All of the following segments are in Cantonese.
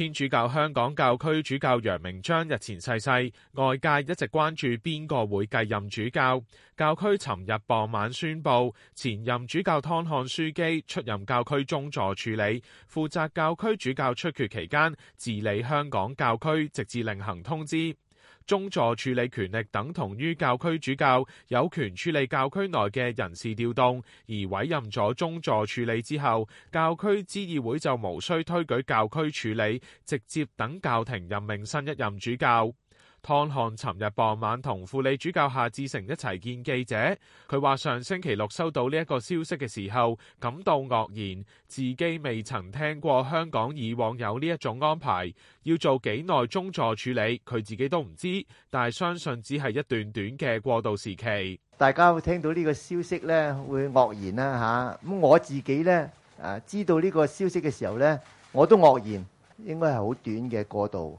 天主教香港教區主教楊明章日前逝世，世，外界一直關注邊個會繼任主教。教區尋日傍晚宣布，前任主教湯漢樞機出任教區宗座署理，負責教區主教出缺期間治理香港教區，直至另行通知。宗座署理權力等同於教區主教，有權處理教區內嘅人事調動，而委任咗宗座署理之後，教區諮議會就無需推舉教區署理，直接等教廷任命新一任主教。湯漢尋日傍晚同輔理主教夏志誠一齊見記者，佢話上星期六收到呢一個消息嘅時候，感到愕然，自己未曾聽過香港以往有呢一種安排，要做幾耐宗座署理，佢自己都唔知，但係相信只係一段短嘅過渡時期。大家會聽到呢個消息咧，會愕然啦吓。咁、啊、我自己咧，誒、啊，知道呢個消息嘅時候咧，我都愕然，應該係好短嘅過渡。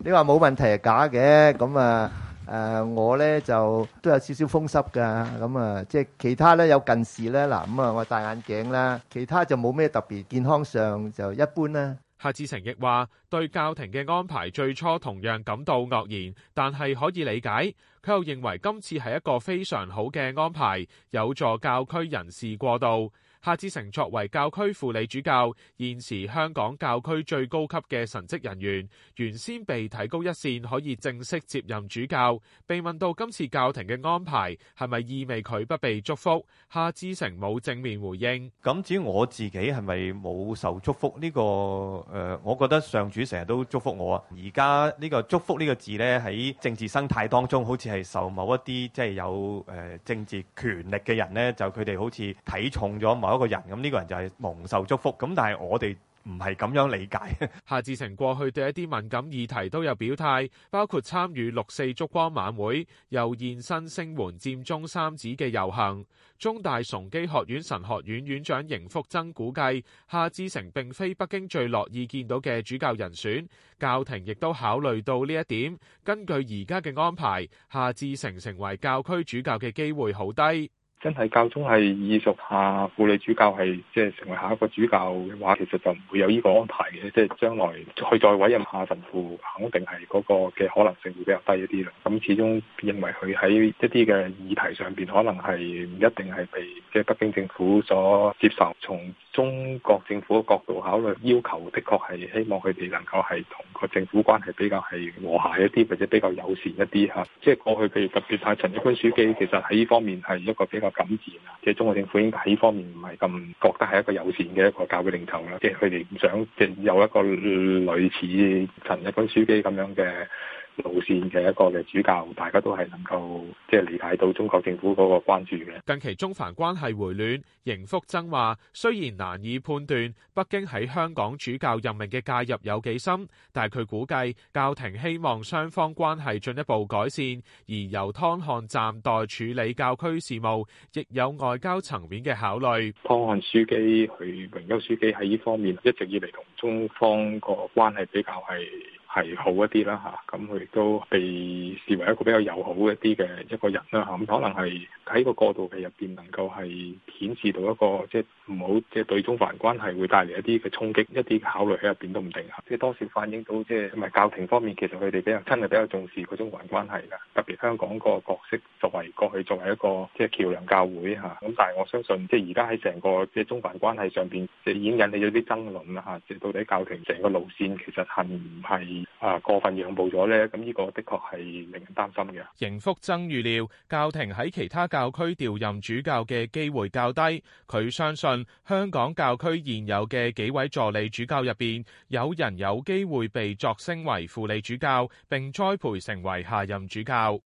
你話冇問題係假嘅咁啊？誒、啊，我咧就都有少少風濕㗎，咁啊，即係其他咧有近視咧嗱，咁啊，啊我戴眼鏡啦，其他就冇咩特別，健康上就一般啦。夏志誠亦話對教廷嘅安排最初同樣感到愕然，但係可以理解，佢又認為今次係一個非常好嘅安排，有助教區人事過渡。夏志誠作為教區輔理主教，現時香港教區最高級嘅神職人員，原先被睇高一線，可以正式接任主教。被問到今次教廷嘅安排係咪意味佢不被祝福，夏志誠冇正面回應。咁至於我自己係咪冇受祝福？呢、呢個誒，我覺得上主成日都祝福我啊。而家呢個祝福呢個字呢，喺政治生態當中，好似係受某一啲即係有誒政治權力嘅人呢，就佢哋好似睇重咗某個人咁，呢個人就係蒙受祝福咁，但係我哋唔係咁樣理解。夏志誠過去對一啲敏感議題都有表態，包括參與六四燭光晚會、又現身聲援佔中三子嘅遊行。中大崇基學院神學院院長邢福增估計，夏志誠並非北京最樂意見到嘅主教人選，教廷亦都考慮到呢一點。根據而家嘅安排，夏志誠成為教區主教嘅機會好低。真係教宗係意屬下輔理主教係，即係成為下一個主教嘅話，其實就唔會有呢個安排嘅。即係將來去再，再委任下神父，肯定係嗰個嘅可能性會比較低一啲啦。咁始終認為佢喺一啲嘅議題上邊，可能係唔一定係被即係北京政府所接受。從中國政府嘅角度考慮，要求的確係希望佢哋能夠係同個政府關係比較係和諧一啲，或者比較友善一啲嚇、啊。即係過去譬如特別係陳日君樞機，其實喺呢方面係一個比較。感召啊，即係中國政府喺呢方面唔係咁覺得係一個友善嘅一個教育領袖啦，即係佢哋唔想即係有一個類似陳日君樞機咁樣嘅。路線嘅一個嘅主教，大家都係能夠即係理解到中國政府嗰個關注嘅。近期中梵關係回暖，邢福增話，雖然難以判斷北京喺香港主教任命嘅介入有幾深，但係佢估計教廷希望雙方關係進一步改善，而由湯漢暫代處理教區事務，亦有外交層面嘅考慮。湯漢樞機、許榮秋樞機喺呢方面一直以嚟同中方個關係比較係。係好一啲啦嚇，咁佢亦都被視為一個比較友好一啲嘅一個人啦嚇，咁、啊嗯、可能係喺個過渡期入邊能夠係顯示到一個即係唔好即係、就是、對中梵關係會帶嚟一啲嘅衝擊、一啲考慮喺入邊都唔定嚇，啊、即係多少反映到即係唔係教廷方面其實佢哋比較真係比較重視佢中梵關係㗎。特別香港個角色作為過去作為一個即係橋梁教會嚇，咁、啊、但係我相信即係而家喺成個即係中梵關係上邊，即係已經引起咗啲爭論啦嚇、啊，即係到底教廷成個路線其實係唔係？啊！過分讓步咗呢，咁呢個的確係令人擔心嘅。邢福增預料，教廷喺其他教區調任主教嘅機會較低。佢相信，香港教區現有嘅幾位助理主教入邊，有人有機會被擢升為輔理主教，並栽培成為下任主教。